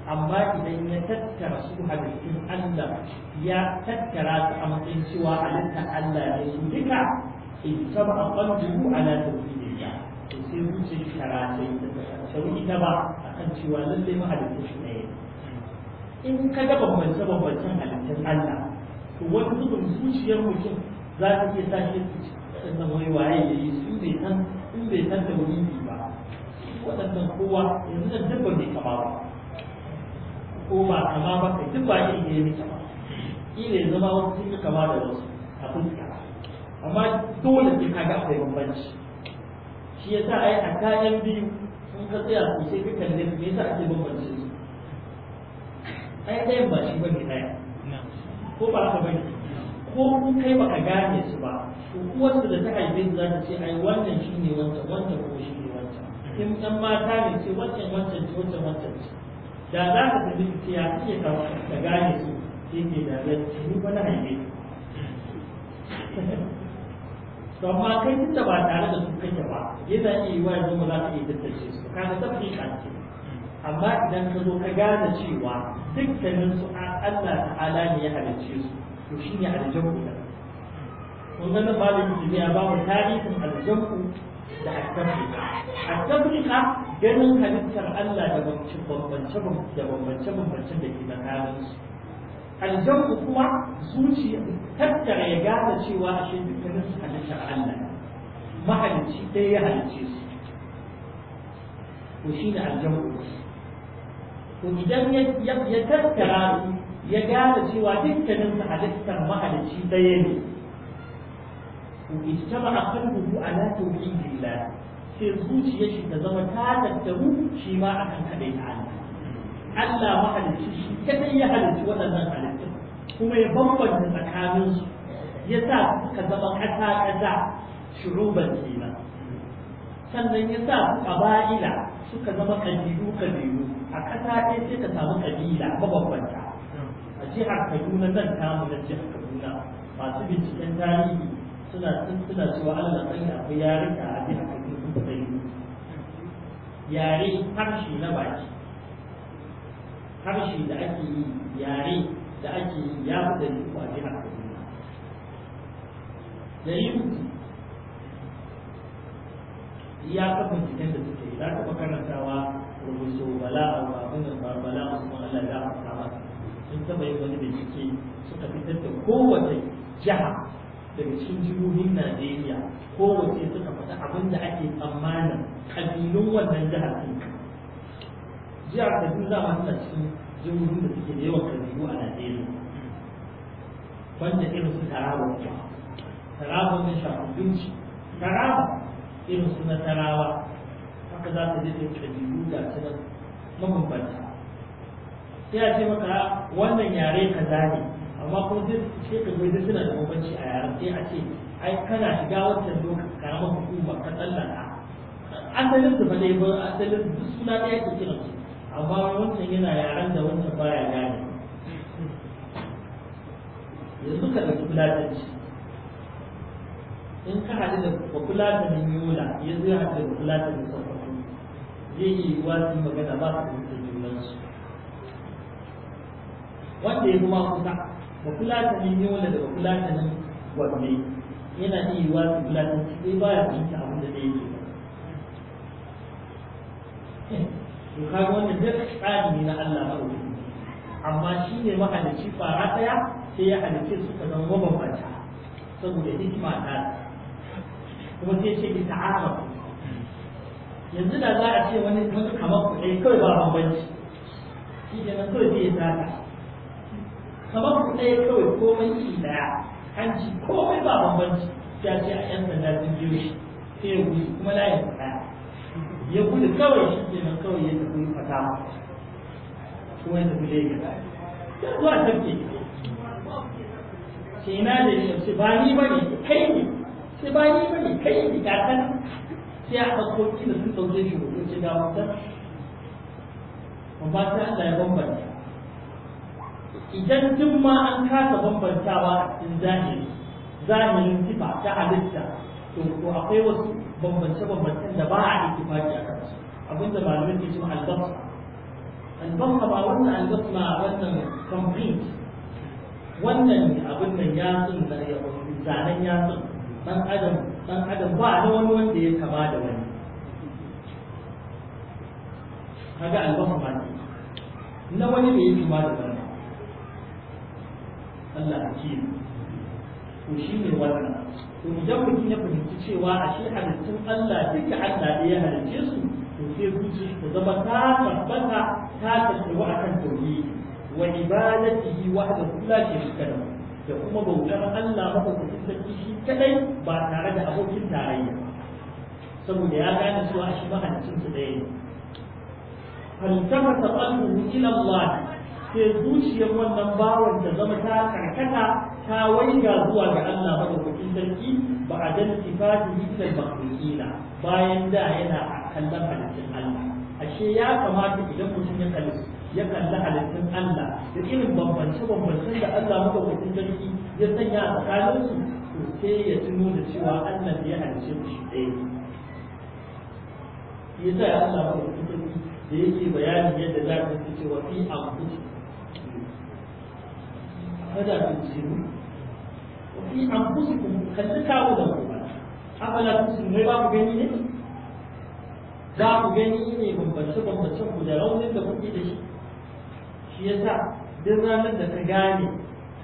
amma idan ya tattara su halittun Allah ya tattara su a matsayin cewa halittar Allah ne su duka in saba qalbuhu ala tawhidillah to sai zuciyar karatu ta ita ba kan cewa ma mahalittun shi ne in ka ga bambance bambancen halittun Allah to wani zubin zuciyar mutum za ka iya sa shi sannan wai waye ya yi su bai san in bai san da wani ba waɗannan kowa yanzu da duk ba mai kama ba ko ba kama ba kai duk ba iri ne kama ila ya zama wasu sun yi kama da wasu a fuska amma dole sai kaga akwai bambanci shi yasa ai a kayan biyu sun ka tsaya sosai ka kalle me yasa ake bambanci su ai ɗayan ba shi bane ɗaya ko ba ka bane ko kai ba a gane su ba to uwarsu da ta haife za ta ce ai wannan shine wancan wannan ko shine wancan in ɗan mata ne ce wancan wancan ce wancan wancan ce da za ka tafi ce ya iya kawo ka gane su shi ne da zai ni ba na haife to amma kai duk da ba tare da su kake ba yana iya yi wa yanzu ba za ka iya tattace su ka ga tafi ka ce amma idan ka zo ka gane cewa dukkanin su Allah ta'ala ne ya halicce su to shine aljamu da kun ga malamin jami'a ba mu tarihin aljanku da attabrika attabrika ganin halittar Allah da bambance da bambance bambance da ke tsakanin su aljamu kuma zuciya tattara ya gane cewa a shi dukkanin su halittar Allah mahalicci ɗaya ya halicce su to shi ne aljanku? to idan ya tattara su ya gane cewa dukkanin su halittar mahalicci ɗaya ne to a qalbuhu ala tauhidillah sai zuciyar shi ta zama ta tattaru shi ma akan kaɗai ta Allah Allah mahalicci shi kadai ya halicci waɗannan halittu kuma ya bambanta tsakanin su ya sa suka zama kasa kasa shuruban kenan sannan ya sa ƙaba'ila suka zama kabilu kabilu a kasa ɗaya sai ta samu kabila mabambanta jihar kaduna zan kama da jihar kaduna masu binciken tarihi suna suna cewa allah sani akwai yarinka a jihar kaduna sun yi yare harshe na baki harshe da ake yi yare da ake yi ya fi dari a jihar kaduna da yi ya fi binciken da suke yi za ka makarantawa rubutu bala'a wa abin da bala'a kuma allah ya hafa sun taɓa yin wani bincike suka fitar da kowace jiha daga cikin jihohin Najeriya kowace suka faɗa abin da ake tsammanin ƙabilun wannan jihar sun jihar Kaduna zama tana cikin jihohin da suke da yawan kabilu a Najeriya wanda irin su Taraba Taraba na binci. Taraba irin su na Tarawa haka za ta je da kabilu da su mabambanta sai a ce maka wannan yare ka ne amma kuma sai ce ka gwaje suna da bambanci a yaren sai a ce ai kana shiga wancan lokacin karamar hukuma ka tsallaka asalin su bane ba asalin su suna ɗaya ke kiran su amma wancan yana yaren da wancan baya gane yanzu ka da kulatanci in ka haɗu da fulatanin yola yanzu ya haɗu da fulatanin sokoto zai yi wasu magana ba su da junansu wanda ya kuma kusa ba kula ta ne wanda da ba kula ta ne wanne yana iya yi su kula ta ci sai baya fahimta abin da zai yi to kaga wanda duk tsari ne na Allah ba amma shi ne mahalicci fara daya sai ya halicce su ka zama mabambanta saboda hikima ta kuma sai ce ki ta'ara yanzu da za a ce wani wani kamar kuɗi kawai ba bambanci shi ke nan kawai sai ya tsaka kamar ku ɗaya kawai komai iri ɗaya hanci komai ba bambanci ya ce a yan sanda sun biyo shi sai ya gudu kuma layin ɗaya ya gudu kawai shi ke nan kawai ya tafi fata kuma ya tafi lagos ya zuwa tafke ke na da ce ba ni ba ne kai ne ce ba ni ba ne kai ne ga kan sai a ɗauko kila sun ɗauke shi hoto ce ga wata ba ta Allah ya bambanta idan duk ma an kasa bambantawa cikin zahiri zahirin sifa ta halitta to ko akwai wasu bambance-bambancen da ba a ittifaki a kansu abinda malamin ke cewa albasa albasa ba wannan albasa na wannan complete wannan abin nan ya sun da ya zanen ya sun dan adam dan adam ba da wani wanda ya kama da wani kaga albasa ba ne. na wani da ya kama da wani Allah hakim to shi ne wannan to idan mutum ya fahimci cewa a shi halittun Allah duka Allah ya halicce su to sai zuci ta zama ta tabbata ta tattaru a kan tauhidi wa ibadatihi wahda kula ce shi kada da kuma bautar Allah mahaukacin sarki shi kadai ba tare da abokin tarayya saboda ya gane cewa shi mahalicin su ɗaya ne فالتفت قلبه إلى الله sai zuciyar wannan bawan da zama ta karkata ta waiga zuwa ga Allah madaukakin sarki ba a dan sifati ilal makhluqina bayan da yana kallon halittun Allah ashe ya kamata idan mutum ya kalli ya kalli halittun Allah da irin bambance bambancen da Allah madaukakin sarki ya sanya a tsakaninsu to sai ya tuno da cewa Allah ya halice shi ɗaya yasa Allah madaukakin sarki da yake bayani yadda za ka fi cewa fi anfusikum فلا تبصرون وفي أنفسكم خلت تعودوا أفلا تبصرون ما يبقى بيني za ku gani ne bambance bambance ku da raunin da kuke da shi shi yasa duk ranar da ka gane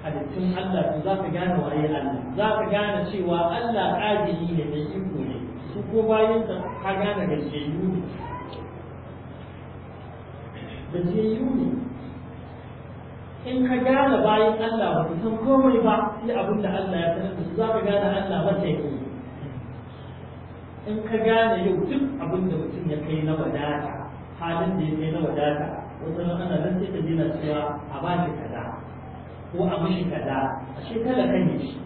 halittun Allah to za ka gane waye Allah za ka gane cewa Allah ajili ne mai iko ne su ko bayan da ka gane da shayyu ne da shayyu ne in ka gane bayan Allah ba san komai ba sai abin da Allah ya sanar da su za ka gane Allah ba sai ku in ka gane yau duk abin da mutum ya kai na wadata halin da ya kai na wadata wasu nan ana nan sai ka jina cewa a ba shi kaza ko a mishi kaza a shi talaka ne shi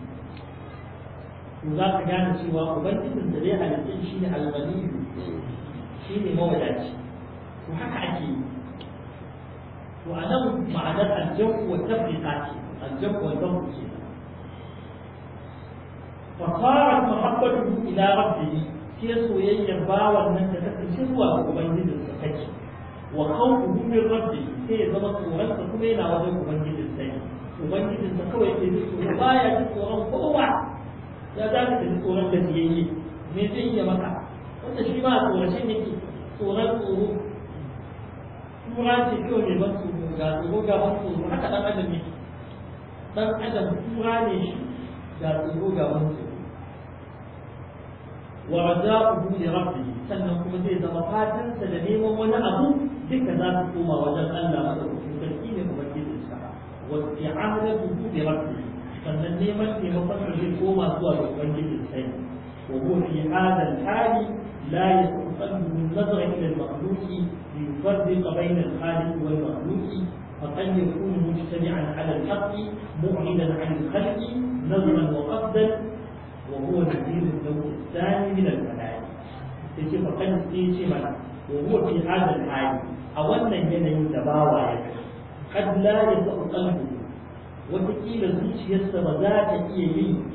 to za ka gane cewa ubangijin da zai halitta shi ne almaniyu shi ne mawadaci to haka ake yi to a nan ma'anar aljan kuwa tabbata ce aljan kuwa zan kuce fa fara muhabbatu ila rabbihi sai soyayya bawan nan da take shirwa ga da sa take wa qawluhu min rabbi sai zama tsoron sa kuma yana wajen ubangijin sa da sa kawai ke so ya ji tsoron kowa ya za ka ji tsoron da yayi me zai yi maka wanda shi ba tsoron shi ne tsoron tsoro kuma ce kawai ne ba tsoron ga tsoro ga ban tsoro haka dan adam ne dan adam kura ne shi ga tsoro ga Wani tsoro wa rajahu li rabbi sannan kuma zai zama fatan sa da neman wani abu duka za su koma wajen Allah madaukakin sarki ne kuma ke da shi wa ti'amadu li rabbi sannan neman taimakon sa zai koma zuwa ga ubangijin sai wa huwa fi hadha al-hali la yasqalu min nazari ila al-makhluqi يفرق بين الخالق والمخلوق فقد يكون مجتمعا على الحق معرضا عن الخلق نظرا وقصدا وهو نزيل الذوق الثاني من الملائكه يجي فقد يجي منا وهو في هذا الحال اولا ينهي تباوى قد لا يسع قلبه وتقيل زوجيته يسر ذات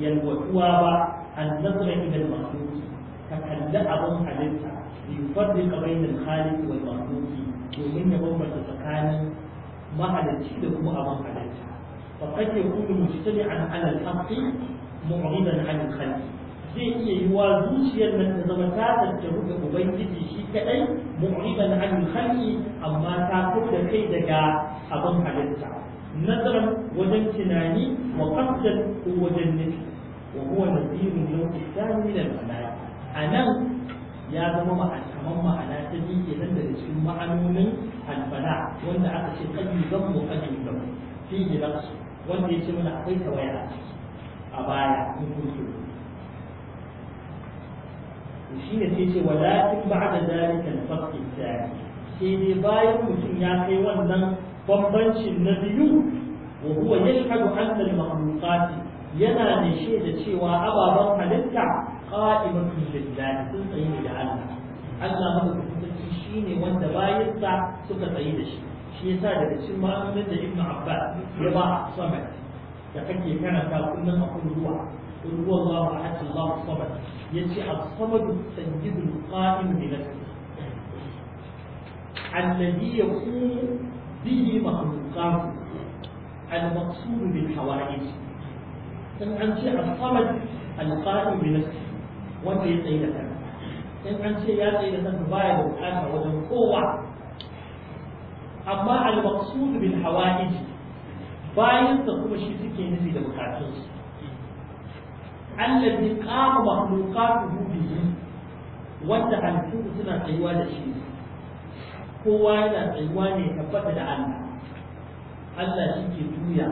يلوتوا با النظر الى المخلوق فكلا ابو حدثها ليفرق بين الخالق والمخلوق ومن يبقى تتكان مع التي هو أمام عليها فقد يكون مجتمعا على الحق معرضا عن الخلق zai iya yiwuwa zuciyar nan ta zama ta tattaru da ubangiji shi kadai mu'riban an khalqi amma ta da kai daga abin halitta nazaran wajen tunani wa qasdan wajen nufi ya zama ma'anan ma'ana ta biyu kenan daga cikin ma'anonin albala wanda aka ce kaji zan mu kaji zan fi gidan su wanda ya ce mana akwai tawaya a ciki a baya mun kuntu shi ne sai ce walakin ba'da zalika al-fasl al-thani sai dai bayan mutum ya kai wannan bambancin na biyu wa huwa yashhadu anna al yana da shaida cewa ababen halitta qa'imatun lillahi sun tsayi da Allah Allah madaukakin shi ne wanda bayansa suka tsaye da shi shi yasa daga cikin ma'amalar da Ibn Abbas ya ba a samar da kake karanta kullum a kulluwa kulluwa Allah ahad Allah samad yace as a sayyidul qa'im bi nafsihi alladhi yaqumu bihi makhluqat al-maqsud bil hawadith in an ce as-samad al-qa'im bi nafsi wanda ya tsaye da kansa in an ce ya tsaye da kansa baya da bukata wajen kowa amma al-maqsud bil hawaij bayan sa kuma shi suke nufi da bukatunsu allazi qama makhluqatuhu bihi wanda halittu suna tsayuwa da shi kowa yana tsayuwa ne tabbata da Allah Allah shi ke juya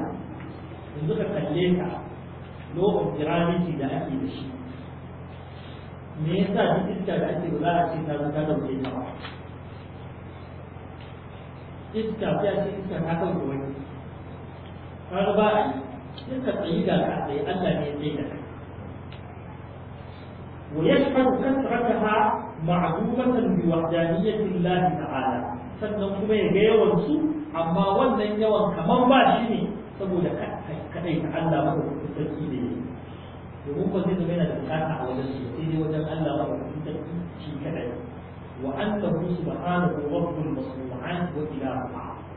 yanzu ka kalle ka lokacin tiraniti da ake da shi me sa duk iska da ake za a ce ta zo ta dauke ta ba iska ta ce iska ta dauke wani har ba a yi iska tsayi da ka tsaye Allah ne zai da kai ويشعر كثرتها معلومة بوحدانية الله تعالى sannan kuma ya ga yawansu amma wannan yawan kamar ba shi ne saboda kaɗai ta Allah ba sarki da yi domin ba zai zama yana da bukata a wajen shi sai dai wajen Allah ba wani sarki shi kadai wa annahu subhanahu rabbul masnu'at wa ilahu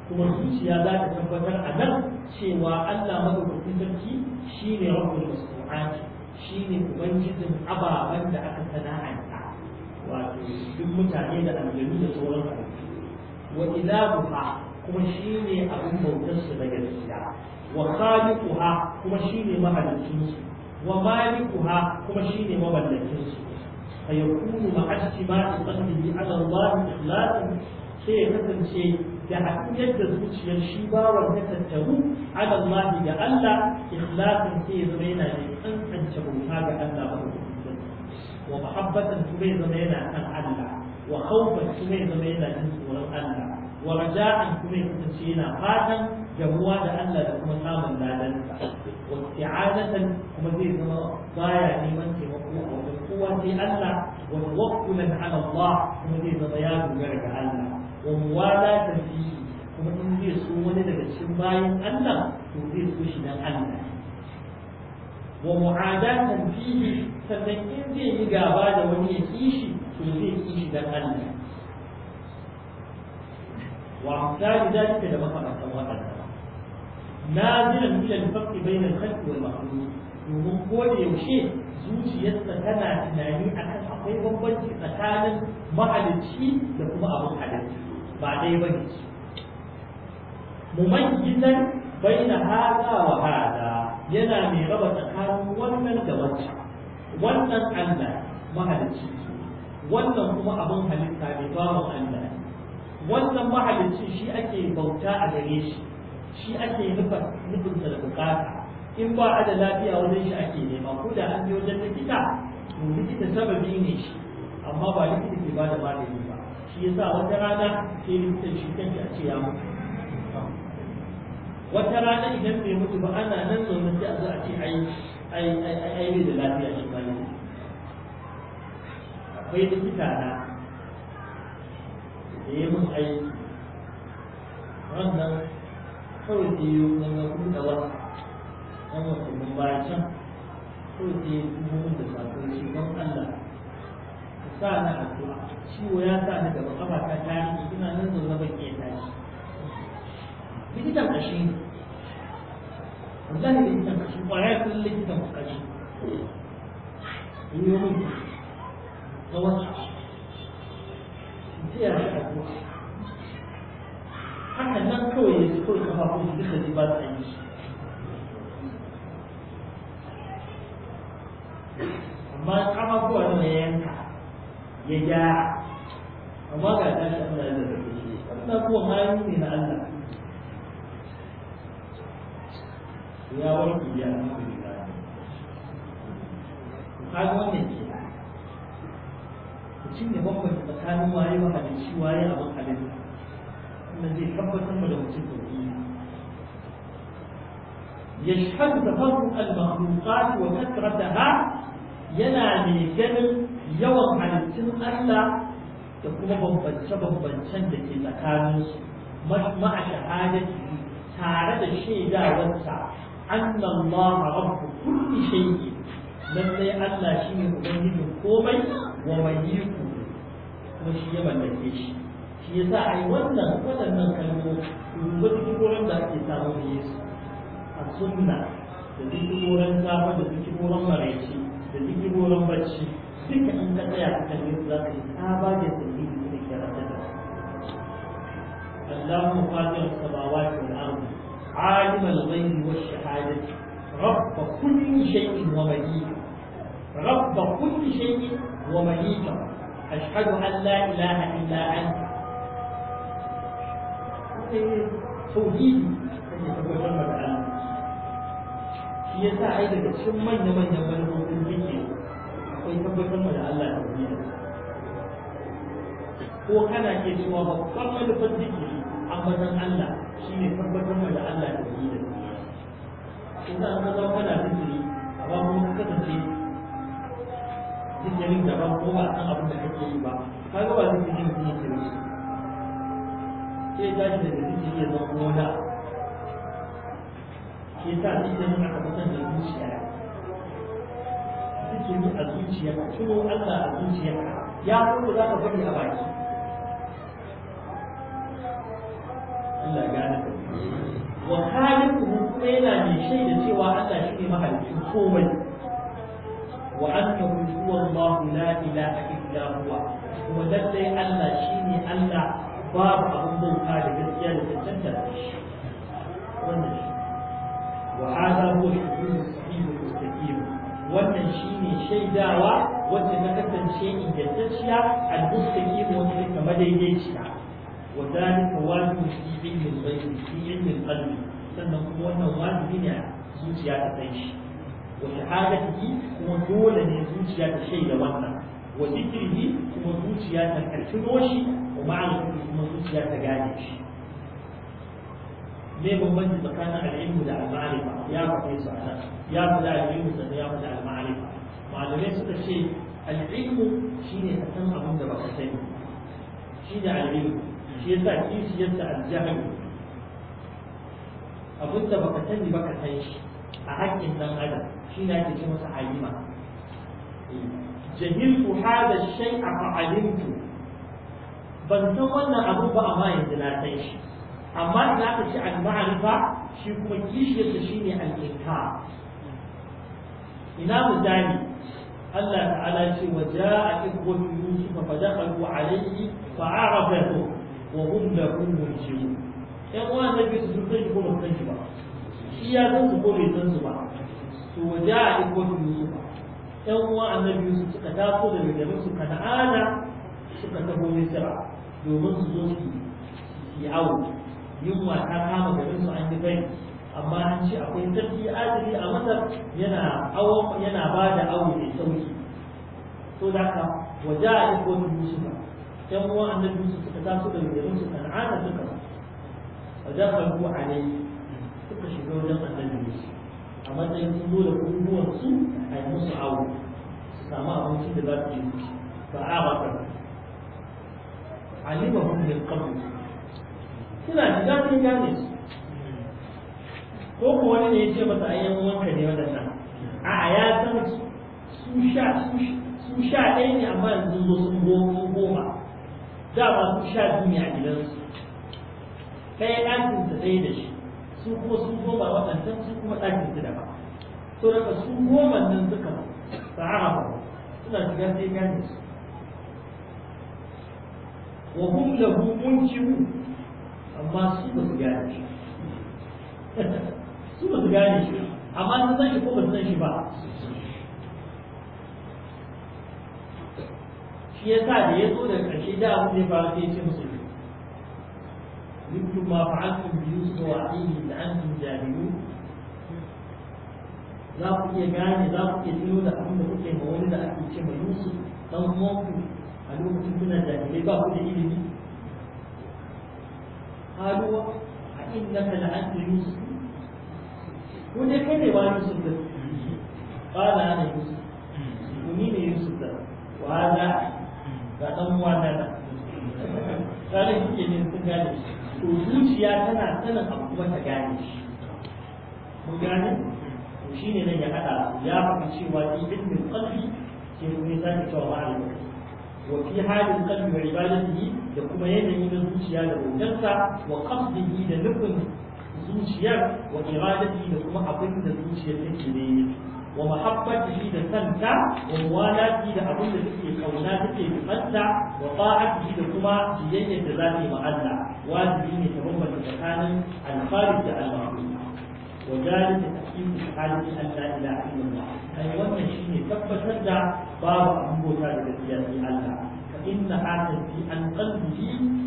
kuma zuciya za ta tabbatar a nan cewa Allah madaukakin sarki shi ne rabbul masnu'at shi ne ubangijin ababen da aka sana'anta wato duk mutane da aljanu da sauran halittu wa ilahuha kuma shi ne abin bautar su da gaskiya وخالقها كما شيني مهلكين ومالكها كما شيني مملكين فيكون مع اجتماع قلبه على الله إخلاصا شيء مثل شيء da haɗiyar da zuciyar shi bawan ya tattaru ala Allah da Allah ikhlasin sai zama yana da tsantsance bauta ga Allah ba wa mahabbatan tumai zama yana kan Allah wa khawfan zama yana jin Allah wa raja'an tumai yana fatan jamuwa da Allah da kuma samun ladansa wasti'adatan kuma zai zama baya neman taimako a wajen kowa sai Allah wa tawakkulan ala Allah kuma zai zama ya dogara ga Allah wa muwalatan fi kuma in zai so wani daga cikin bayan Allah to zai so shi dan Allah wa mu'adatan fihi sannan in zai yi gaba da wani ya kishi to zai kishi dan Allah wa amsali zalika da makamantan waɗannan nazilan ila al-farq bain al-khalq wal makhluq domin ko da yaushe zuciyarsa tana tunani akan akwai bambanci tsakanin mahalicci da kuma abin halitta ba dai ba bane bai baina hada wa hada yana mai raba tsakanin wannan da wancan wannan Allah mahalicci wannan kuma abin halitta ne bawan Allah wannan mahalicci shi ake bauta a gare shi shi ake nufin da bukata in ba a da lafiya wajen shi ake nema ko da an je wajen likita to likita sababi ne shi amma ba likita ke ba da magani ba shi yasa wata rana sai likitan shi kanki a ce ya mutu wata rana idan bai mutu ba ana nan zaune sai a zo a ce ai ai ai da lafiya shi ba akwai likita na da ya mun aiki wannan kawai sai yi wani ya kuɗa wata ɗan watannin baya can kawai sai yi kuma mun da sakon shi don Allah ka sa na addu'a ciwo ya sa ni gaba kafa ta tarihi ina nan zaune ban iya tashi likitan ƙashi ne wallahi likitan ƙashi ƙwaya kullum likitan ƙashi in yi mun da wata jiya da addu'a haka nan kawai ya ji kawai kafa su duka da ba ta yi shi amma kafafuwa ne ya yanka ya gyara amma ga ta shi Allah da zarge shi Allah kuwa mayu ne na Allah ya warke ya alhamdulillah kaga wannan ke mutum ya bambanta tsakanin waye wa halicci waye abin halitta الذي يشهد تفرق المخلوقات وكثرتها ينادي الجبل يوم على السن الا تكون بمبن سبب بن سند الى كانوس مع شهادته تارة الشيء لا وسع ان الله رب كل شيء لم لي شيء يبين قومي وميكم وشيء من الجيش shi yasa ai wannan waɗannan kalmomi duba zikirorin da ake samu da yesu a sunna da zikirorin safa da zikirorin maraici da zikirorin bacci duka an ka tsaya a kan yanzu, za ka yi saba da tsayi da take rata اللهم فاطر السماوات والارض عالم الغيب والشهاده رب كل شيء ومليكه رب كل شيء ومليكه اشهد ان لا اله الا sai tauhidi kake tabbatar da Allah shi yasa ai daga cikin manya manyan manufofin yake akwai tabbatar da Allah tauhidi ko kana ke cewa babban manufar a ambatan Allah shine tabbatar da Allah tauhidi idan an zo kana zikiri amma kuma ka kasance zikirin da ba ko ba san abin da kake yi ba kaga ba zikirin da kake yi sai ya tashi daga zikiri ya zama gona shi yasa zikirin aka fitar da zuciya zikiri a zuciya tuno Allah a zuciya ya kuma za ka faɗi a baki Allah ya gane ka wa khaliquhu kuma yana mai shaida cewa Allah shi ne mahalicin komai wa annahu huwa Allah la ilaha illa huwa kuma lallai Allah shine Allah babu abin bauta da gaskiya da cancanta da shi wannan shi wa hada huwa shuhudul sahihu mustaqim wannan shine shaidawa wacce ta kasance ingantacciya al-mustaqim wacce ta madaidaiciya wa dalika wajibun fi ilmin ghaibi fi ilmin qalbi sannan kuma wannan wajibi ne zuciya ta san shi wa shahadatihi kuma dole ne zuciya ta shaida wannan wa zikrihi kuma zuciya ta karkiro shi wa ma'arifati kuma zuciya ta gane shi me bambanci tsakanin al'ilmu da al-ma'arifa ya faɗe su ana ya faɗa al'ilmu sannan ya faɗa al-ma'arifa malamai suka ce al'ilmu shine ka san abin da baka sani shi da al'ilmu da baka sani san shi a haƙƙin dan adam shi ne ake ce masa alima eh. jahiltu hadha shay'a fa'alimtu ban san wannan abun ba amma yanzu na shi amma ina ka ci al-ma'rifa shi kuma kishiyarsa shine al-inkar ina misali Allah ta'ala ce wa ja'a ikhwatu yusuf fa dakhalu alayhi fa a'rafahu wa hum lahu murji'un yan uwa da ke ko ba ba shi ya san su yan uwa annabi su suka taso daga garin su Kana'ana suka taho Misra domin su zo su yi awo yunwa ta kama garin su an yi bai amma an ce akwai sarki adili a Masar yana awo yana ba da awo mai sauki to da ka waje a iko Yusuf yan uwa annabi su suka taso daga garin su Kana'ana suka wajen kalbu alai suka shiga wajen annabi Yusuf a matsayin sun zo da kubuwan su a yi musu awo su samu abincin da za su yi ba a ba ta alima hun da kabu suna da zafin gane su ko ko wani ne ya ce masa ayyan wanka ne waɗannan a ya zama su sha su sha ɗaya ne amma yanzu zo sun goma dama su sha biyu ne a gidansu ɗaya ɗakin ta ɗaya da shi su su sun koma waɗancan su kuma ɗakin su ba to daga su goma nan suka ba suna shiga sai gane su wa hum lahu munkiru amma su ba su gane shi su ba su gane shi amma sun san shi ko ba su san shi ba shi yasa da ya zo da ƙarshe da abu zai fara sai ya ce musu مثل ما فعلتم بيوسف وأبيه إذ أنتم جاهلون لقد يجاني لقد يجنون لكم بكم وولد أكل كما يوسف تم موقف قالوا كنا جاهلين لقد يجنون قالوا إنك لأنت يوسف كل كل وانا يوسف قال أنا يوسف ومين يوسف وهذا فأم وانا قال إنك من تجاهلين to zuciya tana sanin abu kuma ta gane shi mun gane to shine nan ya hada ya faɗi cewa fi ilmin qalbi ke mun yi zaki cewa ma'ana wa fi halin qalbi wa ibadatihi da kuma yanayi na zuciya da bautarsa wa qasdihi da nufin zuciyar wa iradatihi da kuma abin da zuciyar take ne ومحبته لسنتا وموالاته لأبن تكي قونا تكي بسنتا وطاعته لكما جيجة ذاتي معلا واجبين تمما تتكان الخارج المعروف وذلك تحكيم حالة أن لا إله إلا الله أي وأن الشيء تبت باب أبوك لكي الله فإنها تنفي عن قلبه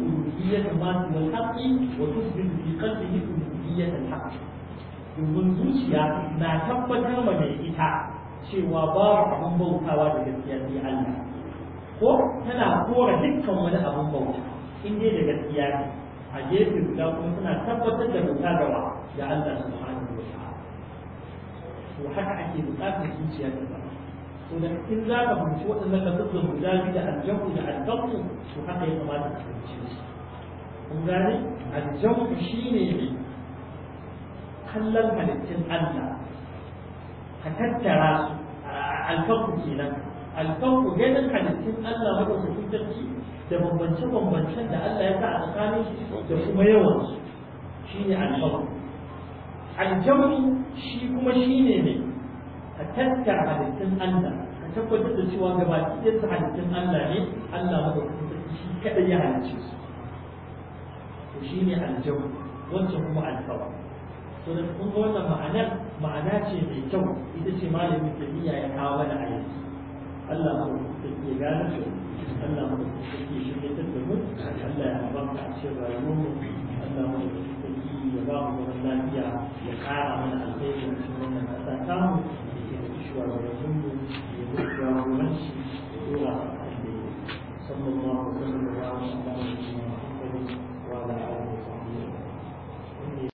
ألوهية ما سوى الحق وتثبت في قلبه ألوهية الحق domin zuciya na tabbatar ma mai ita cewa babu abin bautawa da gaskiya sai Allah ko tana kora dukkan wani abin bauta in dai da gaskiya ne a gefe guda kuma tana tabbatar da bauta da wa Allah subhanahu wa ta'ala to haka ake bukatar zuciya ta ba to da in za ka fahimci waɗannan ka tsotsa guda da aljabu da aljabu to haka ya kamata ka fahimci su kun gane aljabu shine ne kallon halittun Allah ka tattara su alfarku kenan alfanku ganin halittun Allah madaukakin sarki da bambance-bambancen da Allah ya sa a tsakanin da kuma yawan su ne alfanku aljamu shi kuma shi ne ka tattara halittun Allah ka tabbatar da cewa gaba su halittun Allah ne Allah madaukakin sarki shi kadai ya halicce su shi ne aljamu wancan kuma alfarku to da kun ga wannan ma'anar ma'ana ce mai kyau ita ce malamin tafiya ya kawo mana a yanzu Allah ma da ke gane su Allah ma da ke shirye ta da mu Allah ya ba mu a cikin mu Allah ma da ke ya ba mu zaman lafiya ya kara mana alheri a cikin wannan kasa ta mu da ke da shugabannin mu ya mutuwa ruwan shi dora a kan da ya sallallahu alaihi wa sallam wa